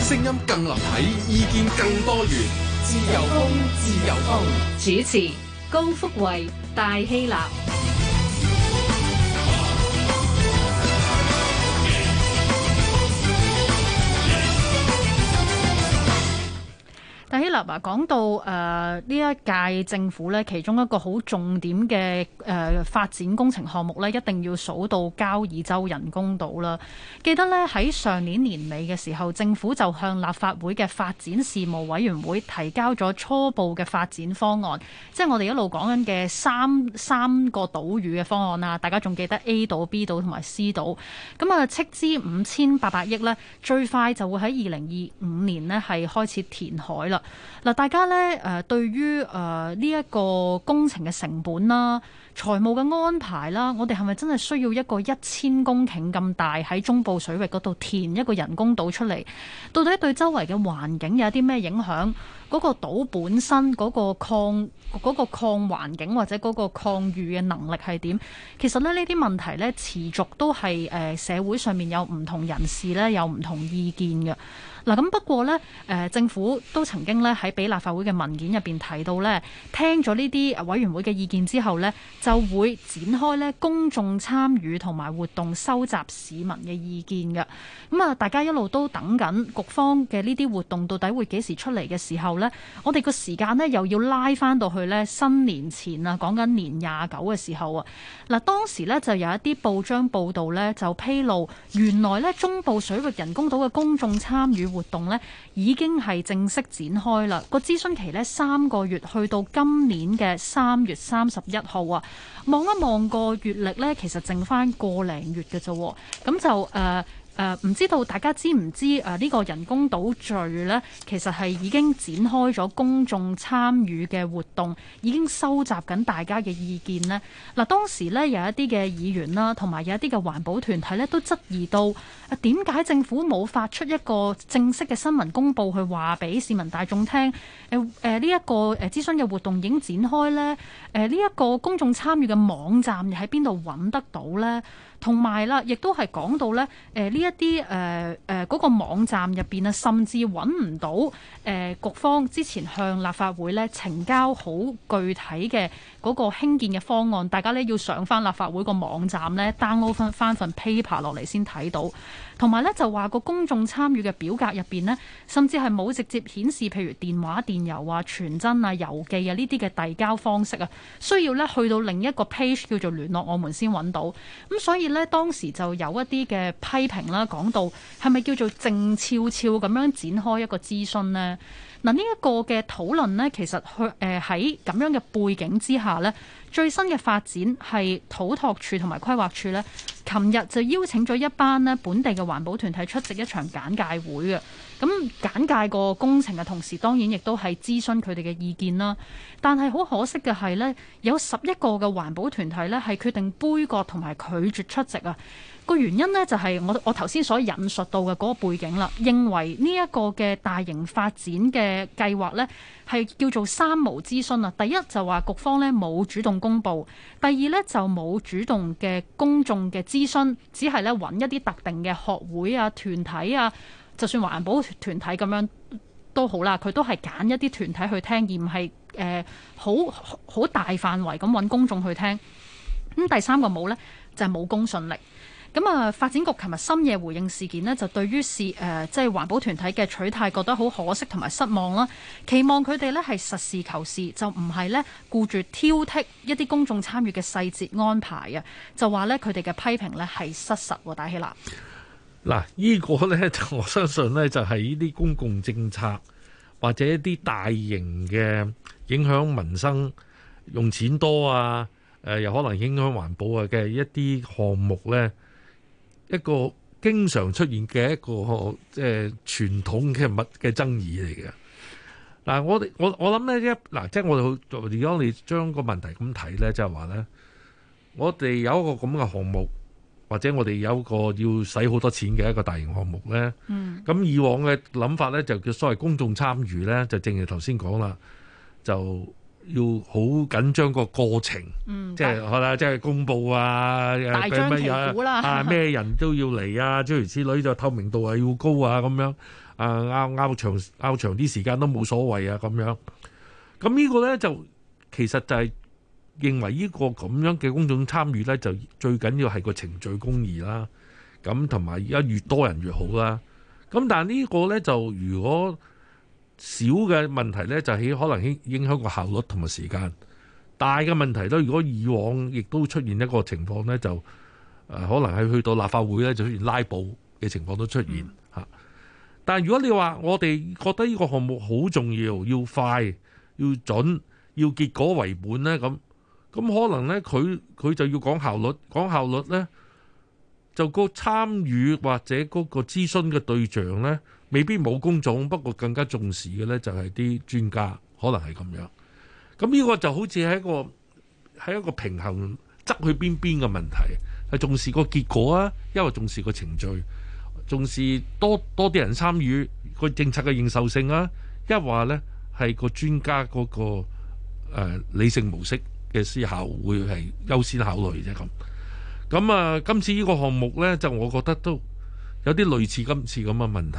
聲音更立體，意見更多元。自由風，自由風。主持：高福慧、戴希立。啲講到誒呢、呃、一屆政府咧，其中一個好重點嘅誒、呃、發展工程項目咧，一定要數到交椅洲人工島啦。記得咧喺上年年尾嘅時候，政府就向立法會嘅發展事務委員會提交咗初步嘅發展方案，即係我哋一路講緊嘅三三個島嶼嘅方案啦。大家仲記得 A 島、B 島同埋 C 島咁啊？斥資五千八百億呢，最快就會喺二零二五年咧係開始填海啦。嗱，大家咧誒，對於誒呢一個工程嘅成本啦、財務嘅安排啦，我哋係咪真係需要一個一千公頃咁大喺中部水域嗰度填一個人工島出嚟？到底對周圍嘅環境有啲咩影響？嗰個島本身嗰個抗嗰個抗環境或者嗰個抗禦嘅能力係點？其實咧呢啲問題咧持續都係誒社會上面有唔同人士咧有唔同意見嘅。嗱咁不過咧，誒，政府都曾經咧喺俾立法會嘅文件入邊提到咧，聽咗呢啲委員會嘅意見之後咧，就會展開咧公眾參與同埋活動收集市民嘅意見嘅。咁啊，大家一路都等緊局方嘅呢啲活動到底會幾時出嚟嘅時候咧，我哋個時間咧又要拉翻到去咧新年前啊，講緊年廿九嘅時候啊。嗱當時咧就有一啲報章報道咧就披露，原來咧中部水域人工島嘅公眾參與。活動呢已經係正式展開啦，個諮詢期呢，三個月，去到今年嘅三月三十一號啊！望一望個月曆呢，其實剩翻個零月嘅啫，咁就誒。呃誒唔、呃、知道大家知唔知誒呢、呃這個人工島嶼呢，其實係已經展開咗公眾參與嘅活動，已經收集緊大家嘅意見呢嗱、呃，當時呢，有一啲嘅議員啦，同埋有一啲嘅環保團體呢，都質疑到誒點解政府冇發出一個正式嘅新聞公佈去話俾市民大眾聽誒呢一個誒諮詢嘅活動已經展開呢，誒呢一個公眾參與嘅網站喺邊度揾得到呢？同埋啦，亦都係講到咧，誒呢一啲誒誒個網站入邊啊，甚至揾唔到誒、呃、局方之前向立法會咧呈交好具體嘅嗰個興建嘅方案，大家咧要上翻立法會個網站咧 download 翻翻份 paper 落嚟先睇到。同埋咧就話個公眾參與嘅表格入邊咧，甚至係冇直接顯示譬如電話電郵啊、傳真啊、郵寄啊呢啲嘅遞交方式啊，需要咧去到另一個 page 叫做聯絡我們先揾到。咁、嗯、所以。咧當時就有一啲嘅批評啦，講到係咪叫做靜悄悄咁樣展開一個諮詢呢？嗱、啊，呢、這、一個嘅討論呢，其實去誒喺咁樣嘅背景之下呢，最新嘅發展係土拓處同埋規劃處呢，琴日就邀請咗一班咧本地嘅環保團體出席一場簡介會嘅。咁簡介個工程嘅同時，當然亦都係諮詢佢哋嘅意見啦。但係好可惜嘅係呢，有十一個嘅環保團體呢，係決定杯葛同埋拒絕出席啊。個原因呢，就係我我頭先所引述到嘅嗰個背景啦，認為呢一個嘅大型發展嘅計劃呢，係叫做三無諮詢啊。第一就話局方呢冇主動公布，第二呢就冇主動嘅公眾嘅諮詢，只係咧揾一啲特定嘅學會啊、團體啊。就算環保團體咁樣都好啦，佢都係揀一啲團體去聽，而唔係誒好好，好大範圍咁揾公眾去聽。咁、嗯、第三個冇呢，就係、是、冇公信力。咁、嗯、啊，發展局琴日深夜回應事件呢，就對於是誒即係環保團體嘅取態，覺得好可惜同埋失望啦、啊。期望佢哋呢係實事求是，就唔係呢顧住挑剔一啲公眾參與嘅細節安排啊。就話呢，佢哋嘅批評呢係失實喎，打起喇。嗱，呢個咧就我相信咧，就係呢啲公共政策或者一啲大型嘅影響民生、用錢多啊，誒又可能影響環保啊嘅一啲項目咧，一個經常出現嘅一個即係傳統嘅物嘅爭議嚟嘅。嗱，我哋我我諗咧一嗱，即係我哋好，如果你將個問題咁睇咧，就係話咧，我哋有一個咁嘅項目。或者我哋有個要使好多錢嘅一個大型項目咧，咁以往嘅諗法咧就叫所謂公眾參與咧，就正如頭先講啦，就要好緊張個過程，即係好啦，即係公佈啊，大張旗鼓啦，啊咩人都要嚟啊，諸如此類，就透明度係要高啊，咁樣啊拗拗長拗長啲時間都冇所謂啊，咁樣。咁呢個咧就其實就係。認為呢個咁樣嘅公眾參與呢，就最緊要係個程序公義啦。咁同埋而家越多人越好啦。咁但係呢個呢，就如果少嘅問題呢，就起可能影影響個效率同埋時間。大嘅問題呢，如果以往亦都出現一個情況呢，就誒可能係去到立法會呢，就會拉布的情況出現拉布嘅情況都出現吓。但係如果你話我哋覺得呢個項目好重要，要快要準要結果為本呢。咁。咁可能呢，佢佢就要講效率。講效率呢，就個參與或者嗰個諮詢嘅對象呢，未必冇工種，不過更加重視嘅呢，就係啲專家，可能係咁樣。咁呢個就好似係一個係一個平衡，側去邊邊嘅問題係重視個結果啊，因為重視個程序，重視多多啲人參與個政策嘅認受性啊。一話呢，係個專家嗰、嗰個、呃、理性模式。嘅思考會係優先考慮啫咁，咁啊，今次這個呢個項目咧，就我覺得都有啲類似今次咁嘅問題，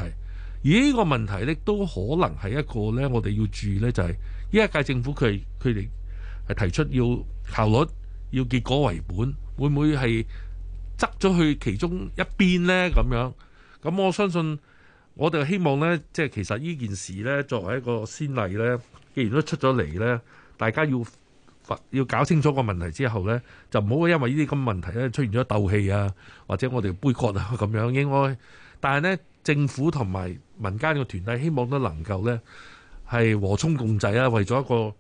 而呢個問題咧，都可能係一個咧，我哋要注意咧，就係呢一屆政府佢佢哋係提出要效率、要結果為本，會唔會係執咗去其中一邊咧？咁樣，咁我相信我哋希望咧，即係其實呢件事咧，作為一個先例咧，既然都出咗嚟咧，大家要。要搞清楚個問題之後呢，就唔好因為呢啲咁問題咧，出現咗鬥氣啊，或者我哋杯葛啊咁樣。應該，但係呢，政府同埋民間嘅團體希望都能夠呢，係和衷共濟啦、啊，為咗一個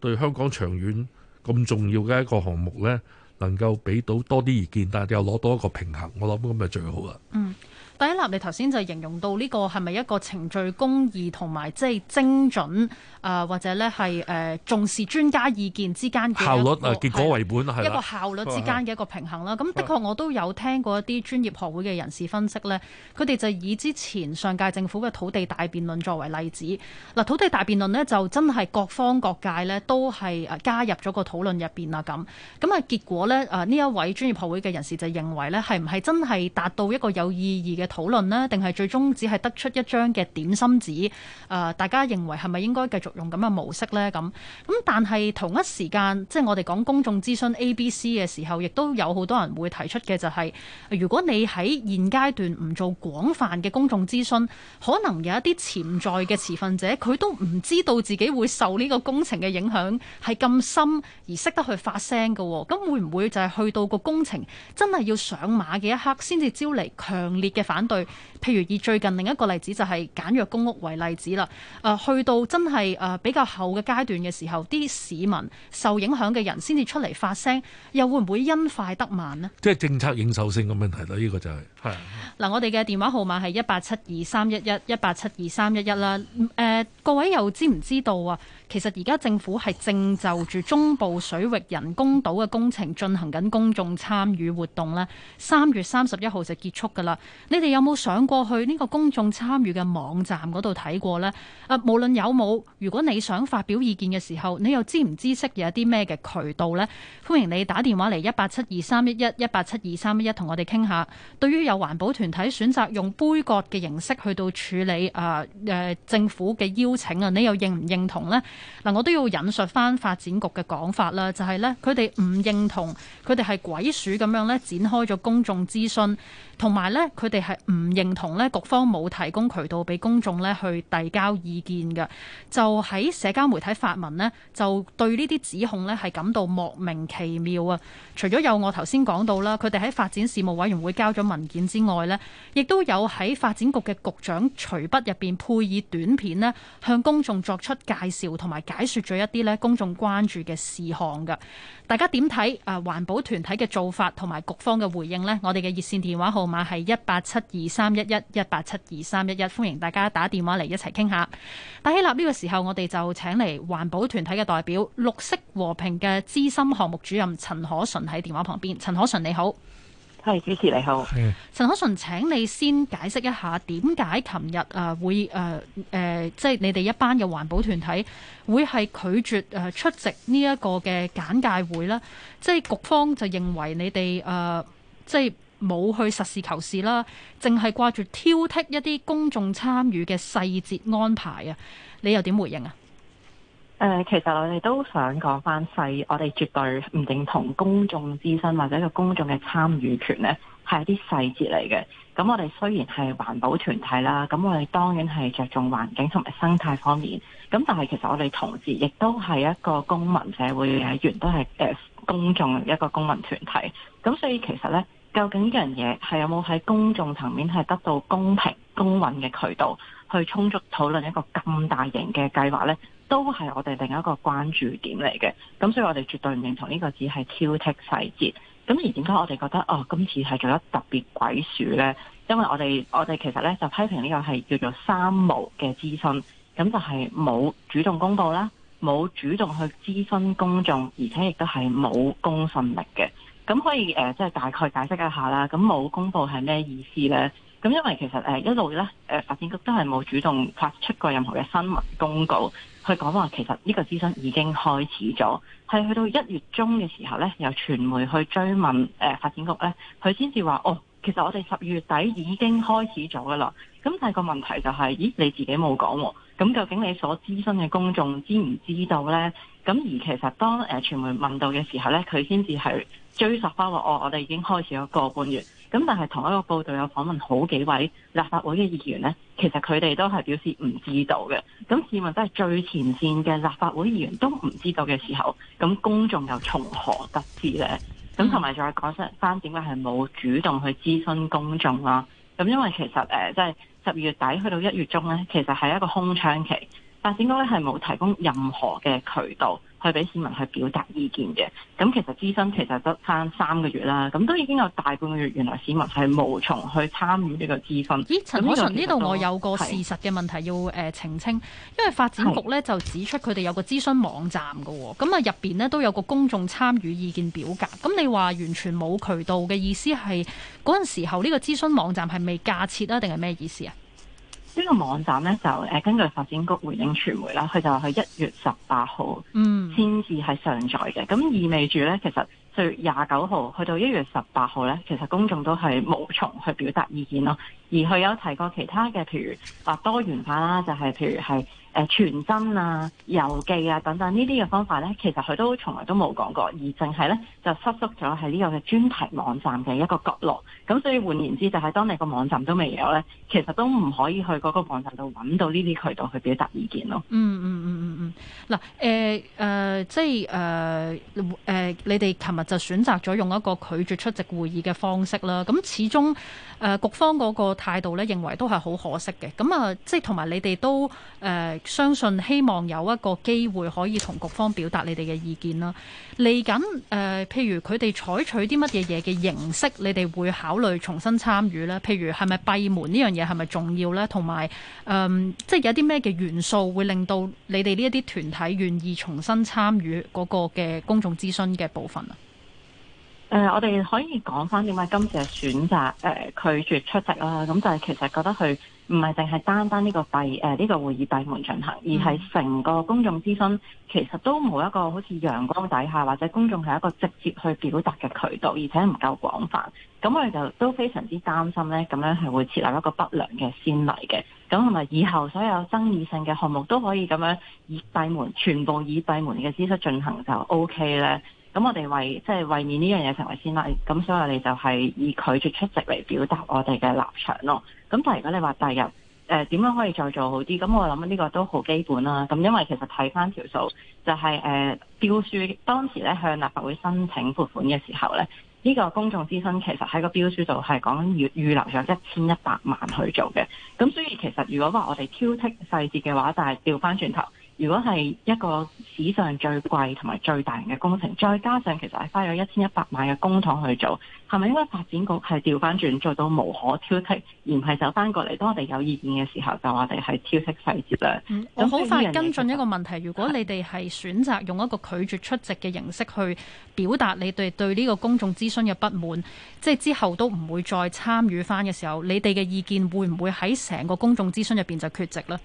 對香港長遠咁重要嘅一個項目呢，能夠俾到多啲意見，但係又攞到一個平衡，我諗咁咪最好啦。嗯。第一立，你頭先就形容到呢個係咪一個程序公義同埋即係精準啊、呃，或者呢係誒重視專家意見之間嘅一個效率結果為本，係一個效率之間嘅一個平衡啦。咁的，的，的確我都有聽過一啲專業學會嘅人士分析呢，佢哋就以之前上屆政府嘅土地大辯論作為例子。嗱，土地大辯論呢，就真係各方各界呢都係加入咗個討論入邊啦。咁咁啊，結果呢，啊呢一位專業學會嘅人士就認為呢係唔係真係達到一個有意義嘅？討論呢定係最終只係得出一張嘅點心紙誒、呃，大家認為係咪應該繼續用咁嘅模式咧？咁咁，但係同一時間即係、就是、我哋講公眾諮詢 A、B、C 嘅時候，亦都有好多人會提出嘅就係、是、如果你喺現階段唔做廣泛嘅公眾諮詢，可能有一啲潛在嘅持份者，佢都唔知道自己會受呢個工程嘅影響，係咁深，而識得去發聲嘅、哦。咁會唔會就係去到個工程真係要上馬嘅一刻，先至招嚟強烈嘅反應？反對。譬如以最近另一個例子就係簡約公屋為例子啦，誒、呃、去到真係誒、呃、比較後嘅階段嘅時候，啲市民受影響嘅人先至出嚟發聲，又會唔會因快得慢呢？即係政策應受性嘅問題啦，呢、呢個就係、是，係是。嗱，我哋嘅電話號碼係一八七二三一一一八七二三一一啦。誒、呃，各位又知唔知道啊？其實而家政府係正就住中部水域人工島嘅工程進行緊公眾參與活動咧，三月三十一號就結束㗎啦。你哋有冇想？過去呢個公眾參與嘅網站嗰度睇過呢，啊無論有冇，如果你想發表意見嘅時候，你又知唔知識有啲咩嘅渠道呢？歡迎你打電話嚟一八七二三一一一八七二三一一，同我哋傾下。對於有環保團體選擇用杯葛嘅形式去到處理啊，誒、呃呃、政府嘅邀請啊，你又認唔認同呢？嗱、啊，我都要引述返發展局嘅講法啦，就係、是、呢：佢哋唔認同，佢哋係鬼鼠咁樣咧，展開咗公眾諮詢，同埋呢，佢哋係唔認。同咧局方冇提供渠道俾公眾咧去遞交意見嘅，就喺社交媒體發文呢，就對呢啲指控呢係感到莫名其妙啊！除咗有我頭先講到啦，佢哋喺發展事務委員會交咗文件之外呢，亦都有喺發展局嘅局長隨筆入邊配以短片呢，向公眾作出介紹同埋解説咗一啲呢公眾關注嘅事項嘅。大家點睇啊？環保團體嘅做法同埋局方嘅回應呢？我哋嘅熱線電話號碼係一八七二三一。一一八七二三一一，11, 歡迎大家打電話嚟一齊傾下。大起立呢、這個時候，我哋就請嚟環保團體嘅代表，綠色和平嘅資深項目主任陳可淳喺電話旁邊。陳可淳你好，係主持，你好。嗯，陳可淳，請你先解釋一下點解琴日啊會誒誒，即係你哋一班嘅環保團體會係拒絕誒出席呢一個嘅簡介會咧？即係局方就認為你哋誒、呃、即係。冇去實事求是啦，淨係掛住挑剔一啲公眾參與嘅細節安排啊，你又點回應啊？誒，其實我哋都想講翻細，我哋絕對唔認同公眾諮詢或者個公眾嘅參與權呢，係一啲細節嚟嘅。咁我哋雖然係環保團體啦，咁我哋當然係着重環境同埋生態方面。咁但係其實我哋同時亦都係一個公民社會嘅員，原都係誒公眾一個公民團體。咁所以其實呢。究竟呢樣嘢係有冇喺公眾層面係得到公平公允嘅渠道去充足討論一個咁大型嘅計劃咧，都係我哋另一個關注點嚟嘅。咁所以我哋絕對唔認同呢個只係挑剔細節。咁而點解我哋覺得哦今次係做得特別鬼鼠咧？因為我哋我哋其實咧就批評呢個係叫做三無嘅諮詢，咁就係冇主動公布啦，冇主動去諮詢公眾，而且亦都係冇公信力嘅。咁可以誒，即、呃、係、就是、大概解釋一下啦。咁冇公佈係咩意思呢？咁因為其實誒、呃、一路呢，誒、呃、發展局都係冇主動發出過任何嘅新聞公告，去講話其實呢個諮詢已經開始咗。係去到一月中嘅時候呢，有傳媒去追問誒、呃、發展局呢，佢先至話：哦，其實我哋十月底已經開始咗噶啦。咁但係個問題就係、是，咦，你自己冇講喎？咁究竟你所諮詢嘅公眾知唔知道呢？咁而其實當誒傳媒問到嘅時候咧，佢先至係追溯翻話：我我哋已經開始咗個半月。咁但係同一個報道有訪問好幾位立法會嘅議員咧，其實佢哋都係表示唔知道嘅。咁市民都係最前線嘅立法會議員都唔知道嘅時候，咁公眾又從何得知咧？咁同埋再講翻翻點解係冇主動去諮詢公眾啦？咁因為其實誒，即係十二月底去到一月中咧，其實係一個空窗期。發展局咧係冇提供任何嘅渠道去俾市民去表達意見嘅，咁其實諮詢其實得翻三個月啦，咁都已經有大半個月，原來市民係無從去參與呢個諮詢。咦，陳可淳呢度我有個事實嘅問題要誒澄清，是因為發展局咧就指出佢哋有個諮詢網站喎、哦。咁啊入面呢都有個公眾參與意見表格，咁你話完全冇渠道嘅意思係嗰陣時候呢個諮詢網站係未架設啊，定係咩意思啊？呢個網站咧就誒根據發展局回應傳媒啦，佢就話佢一月十八號先至係上載嘅，咁、嗯、意味住咧其實四月廿九號去到一月十八號咧，其實公眾都係無從去表達意見咯。而佢有提過其他嘅譬如話多元化啦，就係、是、譬如係。誒，傳真啊、郵寄啊等等呢啲嘅方法呢，其實佢都從來都冇講過，而淨係呢就塞縮咗喺呢個嘅專題網站嘅一個角落。咁所以換言之，就係當你個網站都未有呢，其實都唔可以去嗰個網站度揾到呢啲渠道去表達意見咯、嗯。嗯嗯嗯嗯嗯。嗱、嗯，誒、呃、誒、呃，即係誒誒，你哋琴日就選擇咗用一個拒絕出席會議嘅方式啦。咁始終。誒、呃、局方嗰個態度咧，認為都係好可惜嘅。咁啊、呃，即係同埋你哋都誒、呃、相信希望有一個機會可以同局方表達你哋嘅意見啦。嚟緊誒，譬如佢哋採取啲乜嘢嘢嘅形式，你哋會考慮重新參與呢？譬如係咪閉門呢樣嘢係咪重要呢？同埋誒，即係有啲咩嘅元素會令到你哋呢一啲團體願意重新參與嗰個嘅公眾諮詢嘅部分啊？呃、我哋可以講翻點解今次選擇誒、呃、拒絕出席啦、啊？咁就係其實覺得佢唔係淨係單單呢個呢會議閉門進行，而係成個公眾諮詢其實都冇一個好似陽光底下或者公眾係一個直接去表達嘅渠道，而且唔夠廣泛。咁我哋就都非常之擔心咧，咁樣係會設立一個不良嘅先例嘅。咁同埋以後所有爭議性嘅項目都可以咁樣以閉門，全部以閉門嘅姿式進行就 O K 咧。咁我哋為即係、就是、為免呢樣嘢成為先例，咁所以我哋就係以拒絕出席嚟表達我哋嘅立場咯。咁但係如果你話第日誒點樣可以再做好啲，咁我諗呢個都好基本啦。咁因為其實睇翻條數，就係、是、誒、呃、標書當時咧向立法會申請撥款嘅時候咧，呢、這個公眾諮詢其實喺個標書度係講預留咗一千一百萬去做嘅。咁所以其實如果話我哋挑剔細節嘅話，但係調翻轉頭。如果係一個史上最貴同埋最大型嘅工程，再加上其實係花咗一千一百萬嘅公帑去做，係咪應該發展局係調翻轉做到無可挑剔，而唔係走翻過嚟？當我哋有意見嘅時候，就話我哋係挑剔細節啦。我好快跟進一個問題：如果你哋係選擇用一個拒絕出席嘅形式去表達你哋對呢個公眾諮詢嘅不滿，即係之後都唔會再參與翻嘅時候，你哋嘅意見會唔會喺成個公眾諮詢入邊就缺席呢？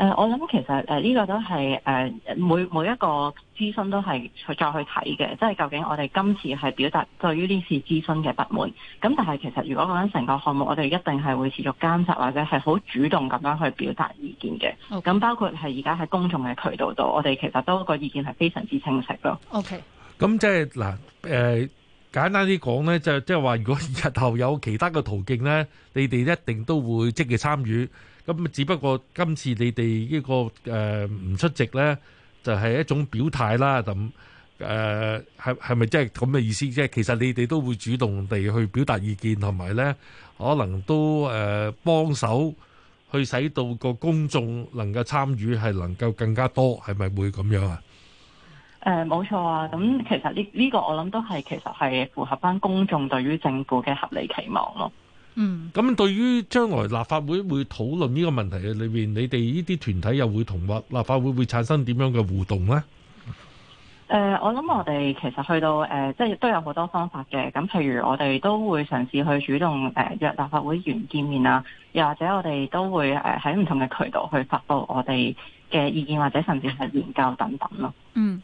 誒，我諗其實誒呢個都係誒每每一個諮詢都係去再去睇嘅，即係究竟我哋今次係表達對於呢次諮詢嘅不滿。咁但係其實如果講緊成個項目，我哋一定係會持續監察或者係好主動咁樣去表達意見嘅。咁 Okay. 包括係而家喺公眾嘅渠道度，我哋其實都個意見係非常之清晰咯。OK。咁即係嗱誒簡單啲講呢，就即係話如果日後有其他嘅途徑呢，你哋一定都會積極參與。咁只不過今次你哋呢、這個誒唔、呃、出席呢，就係、是、一種表態啦。咁誒係係咪即係咁嘅意思啫？即係其實你哋都會主動地去表達意見，同埋呢可能都誒幫手去使到個公眾能夠參與，係能夠更加多，係咪會咁樣、呃、啊？誒，冇錯啊！咁其實呢呢、這個我諗都係，其實係符合翻公眾對於政府嘅合理期望咯。嗯，咁對於將來立法會會討論呢個問題裏邊，你哋呢啲團體又會同立法會會產生點樣嘅互動呢？誒、呃，我諗我哋其實去到誒、呃，即係都有好多方法嘅。咁譬如我哋都會嘗試去主動誒約、呃、立法會員見面啊，又或者我哋都會誒喺唔同嘅渠道去發佈我哋嘅意見，或者甚至係研究等等咯。嗯。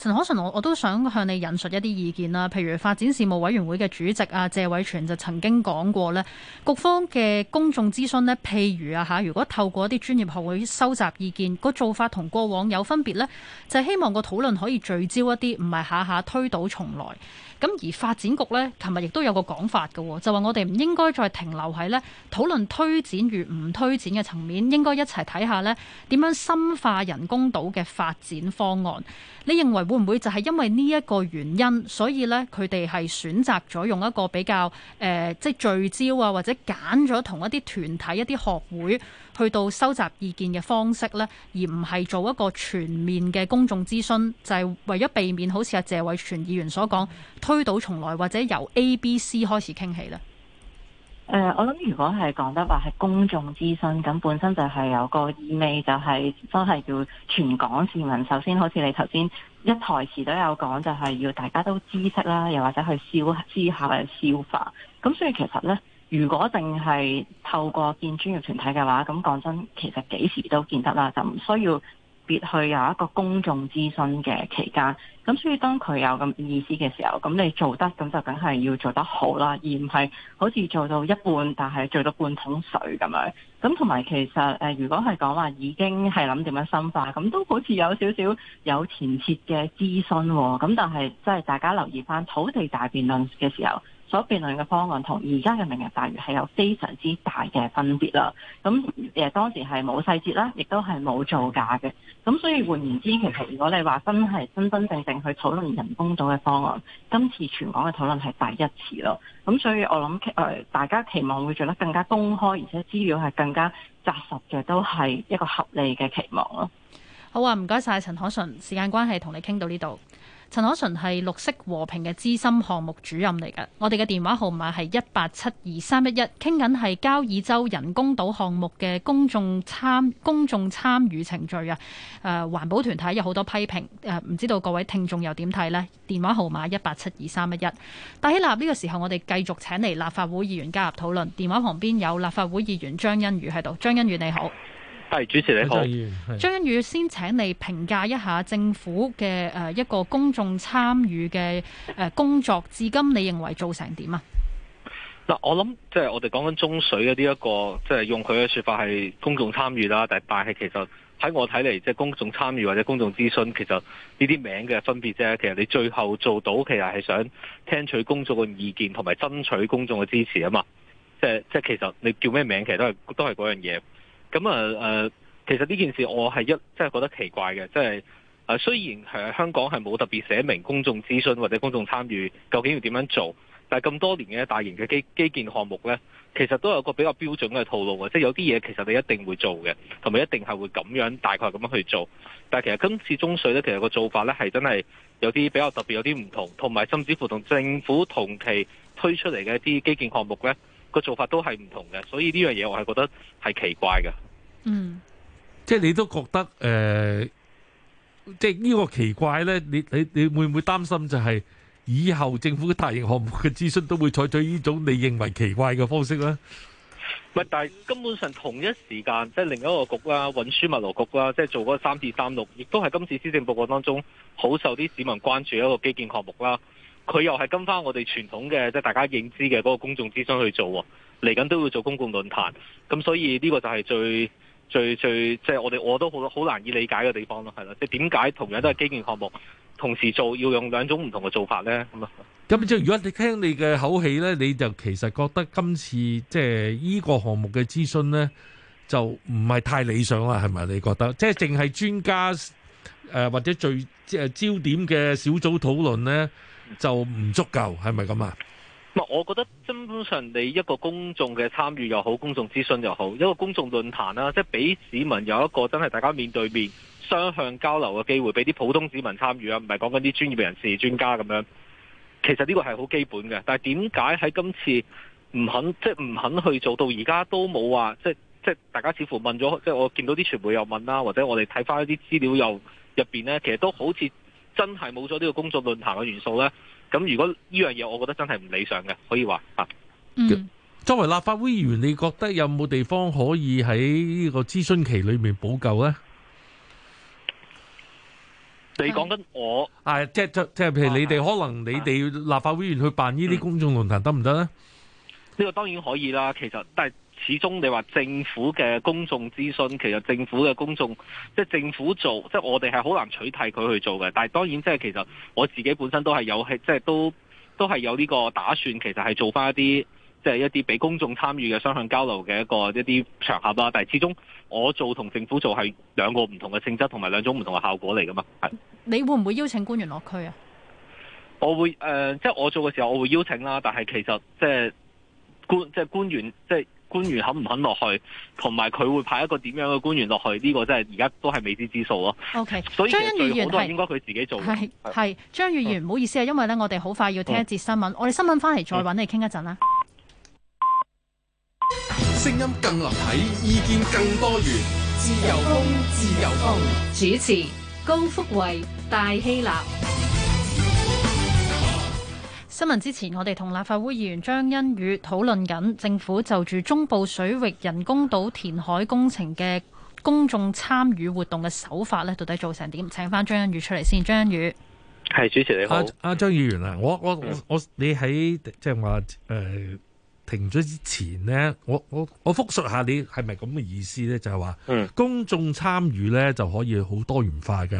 陳可淳，我我都想向你引述一啲意見啦，譬如發展事務委員會嘅主席啊，謝偉銓就曾經講過咧，局方嘅公眾諮詢呢譬如啊嚇如果透過一啲專業學會收集意見，個做法同過往有分別呢就係希望個討論可以聚焦一啲，唔係下下推倒重來。咁而發展局呢，琴日亦都有個講法嘅，就話我哋唔應該再停留喺呢討論推展與唔推展嘅層面，應該一齊睇下呢點樣深化人工島嘅發展方案。你認為？會唔會就係因為呢一個原因，所以呢，佢哋係選擇咗用一個比較誒、呃，即係聚焦啊，或者揀咗同一啲團體、一啲學會去到收集意見嘅方式呢，而唔係做一個全面嘅公眾諮詢，就係、是、為咗避免好似阿謝偉全議員所講，推倒重來或者由 A、B、C 開始傾起咧？誒、呃，我諗如果係講得話係公眾諮詢，咁本身就係有個意味、就是，就係都係叫全港市民。首先，好似你頭先一台詞都有講，就係、是、要大家都知識啦，又或者去消思考下，或者消化。咁所以其實呢，如果淨係透過見專業團體嘅話，咁講真，其實幾時都見得啦，就唔需要。別去有一個公眾諮詢嘅期間，咁所以當佢有咁意思嘅時候，咁你做得咁就梗係要做得好啦，而唔係好似做到一半但係做到半桶水咁樣。咁同埋其實誒、呃，如果係講話已經係諗點樣深化，咁都好似有少少有前設嘅諮詢，哦，咁但係即係大家留意返土地大辯論嘅時候。所辯論嘅方案同而家嘅明日大嶼係有非常之大嘅分別啦。咁誒當時係冇細節啦，亦都係冇造假嘅。咁所以換言之，其實如果你話真係真真正正去討論人工島嘅方案，今次全港嘅討論係第一次咯。咁所以我諗誒、呃、大家期望會做得更加公開，而且資料係更加紮實嘅，都係一個合理嘅期望咯。好啊，唔該晒陳可淳，時間關係同你傾到呢度。陳可淳係綠色和平嘅資深項目主任嚟㗎，我哋嘅電話號碼係一八七二三一一，傾緊係交椅洲人工島項目嘅公眾參公眾參與程序啊。誒、呃，環保團體有好多批評，誒、呃，唔知道各位聽眾又點睇咧？電話號碼一八七二三一一。大喜立呢、這個時候，我哋繼續請嚟立法會議員加入討論。電話旁邊有立法會議員張欣宇喺度，張欣宇你好。係，主持你好，張欣宇先，請你評價一下政府嘅，誒一個公眾參與嘅誒工作，至今你認為做成點啊？嗱，我諗即係我哋講緊中水嘅呢一個，即係用佢嘅說法係公眾參與啦，但係但係其實喺我睇嚟，即係公眾參與或者公眾諮詢，其實呢啲名嘅分別啫。其實你最後做到，其實係想聽取公眾嘅意見，同埋爭取公眾嘅支持啊嘛。即係即係，其實你叫咩名，其實都係都係嗰樣嘢。咁啊，呃，其實呢件事我係一，即係覺得奇怪嘅，即係誒，雖然係香港係冇特別寫明公眾諮詢或者公眾參與，究竟要點樣做，但係咁多年嘅大型嘅基基建項目呢，其實都有個比較標準嘅套路嘅，即係有啲嘢其實你一定會做嘅，同埋一定係會咁樣大概咁樣去做。但係其實今次中水呢，其實個做法呢係真係有啲比較特別，有啲唔同，同埋甚至乎同政府同期推出嚟嘅一啲基建項目呢，個做法都係唔同嘅，所以呢樣嘢，我係覺得係奇怪嘅。嗯，即係你都覺得誒、呃，即係呢個奇怪呢，你你你會唔會擔心就係以後政府嘅大型項目嘅諮詢都會採取呢種你認為奇怪嘅方式呢？唔、嗯、但係根本上同一時間，即係另一個局啦，運輸物流局啦，即係做嗰個三至三六，亦都係今次施政報告當中好受啲市民關注一個基建項目啦。佢又係跟翻我哋傳統嘅，即係大家認知嘅嗰個公眾諮詢去做，嚟緊都會做公共論壇，咁所以呢個就係最最最即係我哋我都好好難以理解嘅地方咯，係啦，即係點解同樣都係基建項目，同時做要用兩種唔同嘅做法呢？咁啊，咁即係如果你聽你嘅口氣呢，你就其實覺得今次即係呢個項目嘅諮詢呢，就唔係太理想啦，係咪？你覺得即係淨係專家、呃、或者最即係、呃、焦點嘅小組討論呢，就唔足夠，係咪咁啊？我覺得基本上你一個公眾嘅參與又好，公眾諮詢又好，一個公眾論壇啦，即係俾市民有一個真係大家面對面雙向交流嘅機會俾啲普通市民參與啊，唔係講緊啲專業人士、專家咁樣。其實呢個係好基本嘅，但係點解喺今次唔肯即係唔肯去做到而家都冇話，即係即係大家似乎問咗，即係我見到啲傳媒又問啦，或者我哋睇翻一啲資料又入邊咧，其實都好似。真係冇咗呢個工作論壇嘅元素呢？咁如果呢樣嘢，我覺得真係唔理想嘅，可以話啊。嗯、作為立法會議員，你覺得有冇地方可以喺呢個諮詢期裏面補救呢？嗯啊、你講緊我即係即係，譬如你哋可能你哋立法會議員去辦呢啲公眾論壇得唔得呢？呢個當然可以啦，其實但係。始終你話政府嘅公眾諮詢，其實政府嘅公眾，即係政府做，即係我哋係好難取替佢去做嘅。但係當然，即係其實我自己本身都係有，係即係都都係有呢個打算。其實係做翻一啲，即係一啲俾公眾參與嘅雙向交流嘅一個一啲場合啦。但係始終我做同政府做係兩個唔同嘅性質，同埋兩種唔同嘅效果嚟噶嘛。係，你會唔會邀請官員落區啊？我會誒、呃，即係我做嘅時候我會邀請啦。但係其實即係官即係官員即係。官員肯唔肯落去，同埋佢會派一個點樣嘅官員落去？呢、這個真係而家都係未知之數咯。OK，所以其實好多應該佢自己做。係張議員，唔、嗯、好意思啊，因為咧我哋好快要聽一節新聞，嗯、我哋新聞翻嚟再揾你傾、嗯、一陣啦。聲音更立體，意見更多元，自由風，自由風，主持高福慧，戴希立。新聞之前，我哋同立法會議員張欣宇討論緊政府就住中部水域人工島填海工程嘅公眾參與活動嘅手法咧，到底做成點？請翻張欣宇出嚟先。張欣宇，係，主持你好。阿、啊啊、張議員啊，我我、嗯、我、我你喺即係話誒停咗之前呢，我我我復述下你係咪咁嘅意思呢？就係、是、話、嗯、公眾參與呢就可以好多元化嘅。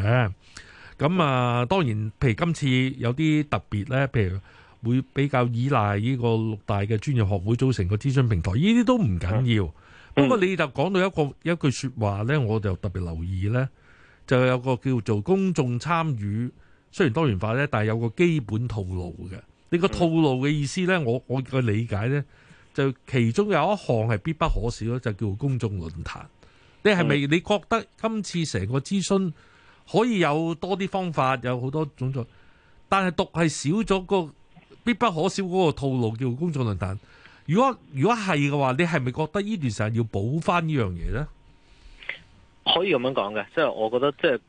咁啊、呃，當然，譬如今次有啲特別呢，譬如。會比較依賴呢個六大嘅專業學會組成個諮詢平台，呢啲都唔緊要。嗯、不過你就講到一個一句說話呢，我就特別留意呢，就有個叫做公眾參與，雖然多元化呢，但係有個基本套路嘅。你個套路嘅意思呢，我我嘅理解呢，就其中有一項係必不可少就叫公眾論壇。你係咪你覺得今次成個諮詢可以有多啲方法，有好多種種，但係獨係少咗個？必不可少嗰個套路叫工作論壇。如果如果係嘅話，你係咪覺得呢段時間要補翻呢樣嘢咧？可以咁樣講嘅，即係我覺得即係。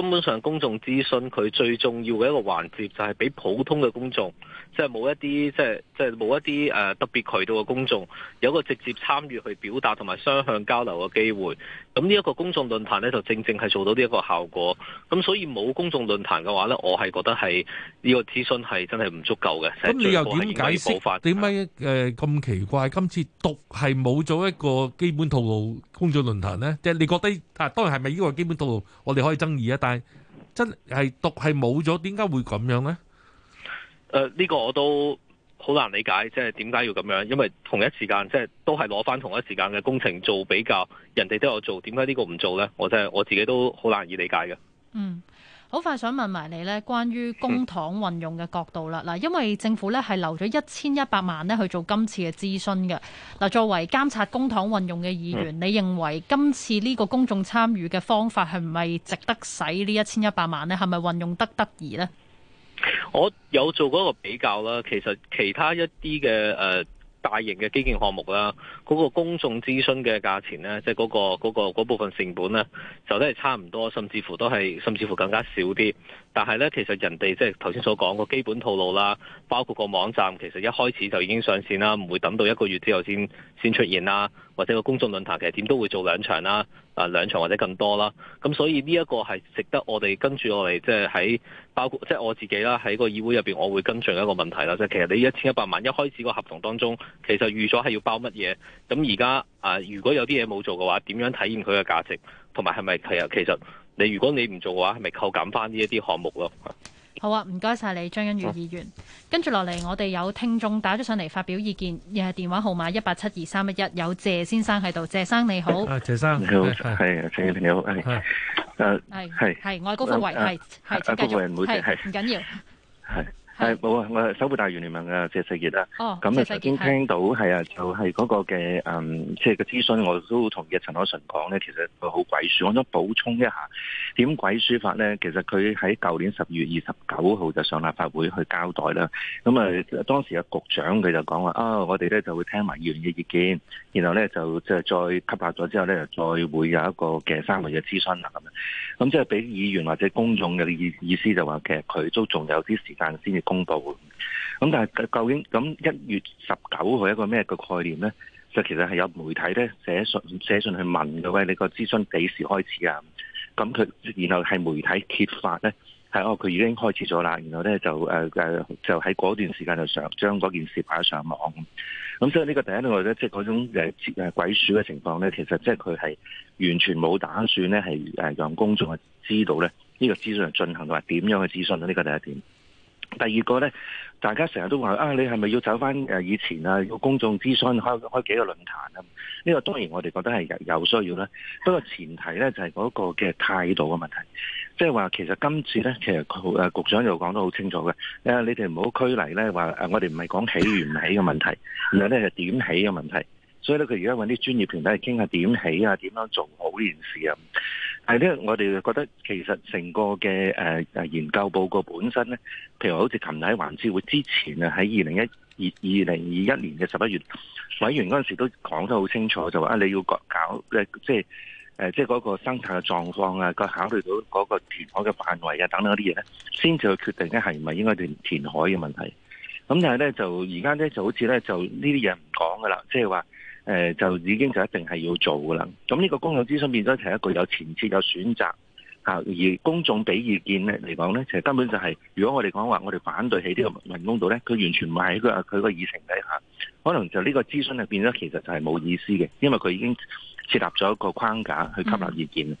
根本上，公眾諮詢佢最重要嘅一個環節，就係俾普通嘅公眾，即係冇一啲，即係即係冇一啲誒特別渠道嘅公眾，有個直接參與去表達同埋雙向交流嘅機會。咁呢一個公眾論壇咧，就正正係做到呢一個效果。咁所以冇公眾論壇嘅話咧，我係覺得係呢個諮詢係真係唔足夠嘅。咁你又點解釋？點解誒咁奇怪？今次讀係冇咗一個基本套路。工作論壇呢，即係你覺得啊，當然係咪呢個基本道路，我哋可以爭議啊？但係真係讀係冇咗，點解會咁樣呢？誒，呢個我都好難理解，即係點解要咁樣？因為同一時間即係都係攞翻同一時間嘅工程做比較，人哋都有做，點解呢個唔做呢？我真係我自己都好難以理解嘅。嗯。好快想問埋你呢，關於公帑運用嘅角度啦，嗱，因為政府呢係留咗一千一百萬呢去做今次嘅諮詢嘅，嗱，作為監察公帑運用嘅議員，你認為今次呢個公眾參與嘅方法係唔係值得使呢一千一百萬呢？係咪運用得得宜呢？我有做過一個比較啦，其實其他一啲嘅誒。呃大型嘅基建項目啦，嗰個公眾諮詢嘅價錢咧，即係嗰個嗰個嗰部分成本咧，就都係差唔多，甚至乎都係甚至乎更加少啲。但係咧，其實人哋即係頭先所講個基本套路啦，包括個網站其實一開始就已經上線啦，唔會等到一個月之後先先出現啦，或者個公眾論壇其實點都會做兩場啦。啊兩場或者更多啦，咁所以呢一個係值得我哋跟住我哋即係喺包括即係、就是、我自己啦，喺個議會入邊，我會跟進一個問題啦，即、就、係、是、其實你一千一百萬一開始個合同當中，其實預咗係要包乜嘢，咁而家啊如果有啲嘢冇做嘅話，點樣體驗佢嘅價值，同埋係咪其實你如果你唔做嘅話，係咪扣減翻呢一啲項目咯？好啊，唔該晒你張欣宇議員。跟住落嚟，我哋有聽眾打咗上嚟發表意見，誒電話號碼一八七二三一一，有謝先生喺度。謝生你好，謝生你好，係啊，你好，誒，係係，我係高福維，係係，請繼續，唔緊要，係。誒冇啊！我係守護大嶼聯盟嘅謝世傑。啦。哦，咁啊，頭先聽到係啊，就係、是、嗰個嘅嗯即係個諮詢，我都同嘅陳可淳講咧，其實佢好鬼鼠。我想補充一下點鬼鼠法咧，其實佢喺舊年十月二十九號就上立法會去交代啦。咁啊，當時嘅局長佢就講話啊，我哋咧就會聽埋議員嘅意見，然後咧就即係再吸納咗之後咧，再會有一個嘅三維嘅諮詢啦。咁，咁即係俾議員或者公眾嘅意意思就話，其實佢都仲有啲時間先至。公布咁，但係究竟咁一月十九號一個咩個概念咧？就其實係有媒體咧寫信寫信去問到喂，你個諮詢幾時開始啊？咁佢然後係媒體揭發咧，係哦佢已經開始咗啦，然後咧就誒誒、呃、就喺嗰段時間就上將嗰件事擺上網。咁所以呢個第一度咧，即係嗰種誒誒鬼鼠嘅情況咧，其實即係佢係完全冇打算咧，係誒讓公眾啊知道咧呢個資訊係進行到係點樣嘅資訊咧呢個第一點。就是第二個咧，大家成日都話啊，你係咪要走翻誒以前啊，要公眾諮詢開開幾個論壇啊？呢個當然我哋覺得係有需要啦。不過前提咧就係嗰個嘅態度嘅問題，即係話其實今次咧，其實局誒局長又講得好清楚嘅。誒，你哋唔好拘泥咧，話誒我哋唔係講起與唔起嘅問題，而係咧就點起嘅問題。所以咧，佢而家揾啲專業平台嚟傾下點起啊，點樣做好呢件事啊。係咧，我哋覺得其實成個嘅誒研究報告本身咧，譬如好似琴日喺環諮會之前啊，喺二零一二二零二一年嘅十一月，月委員嗰陣時都講得好清楚，就話啊你要搞即係即係嗰個生態嘅狀況啊，佢考慮到嗰個填海嘅範圍啊，等等嗰啲嘢咧，先至決定咧係咪應該填填海嘅問題。咁但係咧，就而家咧就好似咧，就呢啲嘢唔講噶啦，即係話。誒，就已經就一定係要做噶啦。咁呢個公眾諮詢變咗係一個有前設、有選擇吓、啊，而公眾俾意見咧嚟講咧，其實根本就係、是，如果我哋講話我哋反對喺呢個人工島度咧，佢完全唔係喺佢佢個議程底下，可能就呢個諮詢啊變咗其實就係冇意思嘅，因為佢已經設立咗一個框架去吸納意見。咁、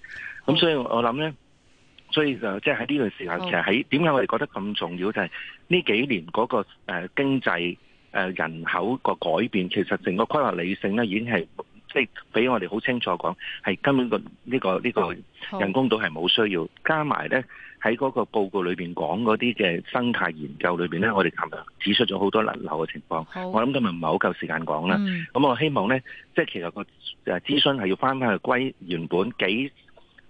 嗯、所以我諗咧，所以就即係喺呢段時間，嗯、其實喺點解我哋覺得咁重要，就係、是、呢幾年嗰、那個誒、呃、經濟。誒人口個改變，其實成個規劃理性咧，已經係即係俾我哋好清楚講，係根本、呢個、呢個、呢個人工島係冇需要。加埋咧喺嗰個報告裏面講嗰啲嘅生態研究裏面咧，我哋琴日指出咗好多人流嘅情況。好我諗今日唔係好夠時間講啦。咁、嗯、我希望咧，即、就、係、是、其實個誒諮詢係要翻返去歸原本幾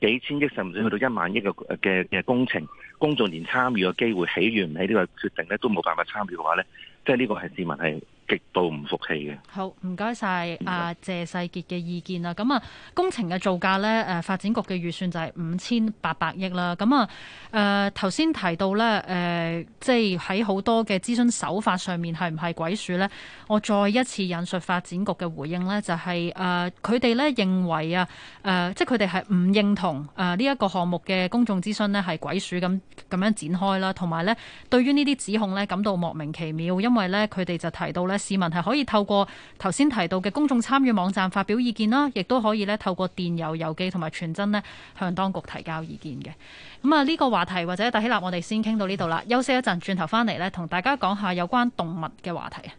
幾千億甚至去到一萬億嘅嘅嘅工程，公眾連參與嘅機會，起源唔起呢個決定咧，都冇辦法參與嘅話咧。即係呢個係市民係。極度唔服氣嘅。好，唔該晒，阿、啊、謝世傑嘅意見啦。咁啊，工程嘅造價咧，誒、啊、發展局嘅預算就係五千八百億啦。咁啊，誒頭先提到呢，誒、啊、即係喺好多嘅諮詢手法上面係唔係鬼鼠呢？我再一次引述發展局嘅回應呢，就係誒佢哋咧認為啊，誒即係佢哋係唔認同誒呢一個項目嘅公眾諮詢呢係鬼鼠咁咁樣展開啦，同埋呢，對於呢啲指控呢，感到莫名其妙，因為呢，佢哋就提到呢。市民係可以透過頭先提到嘅公眾參與網站發表意見啦，亦都可以咧透過電郵、郵寄同埋傳真呢向當局提交意見嘅。咁啊，呢個話題或者戴希立，我哋先傾到呢度啦，休息一陣，轉頭翻嚟咧，同大家講下有關動物嘅話題。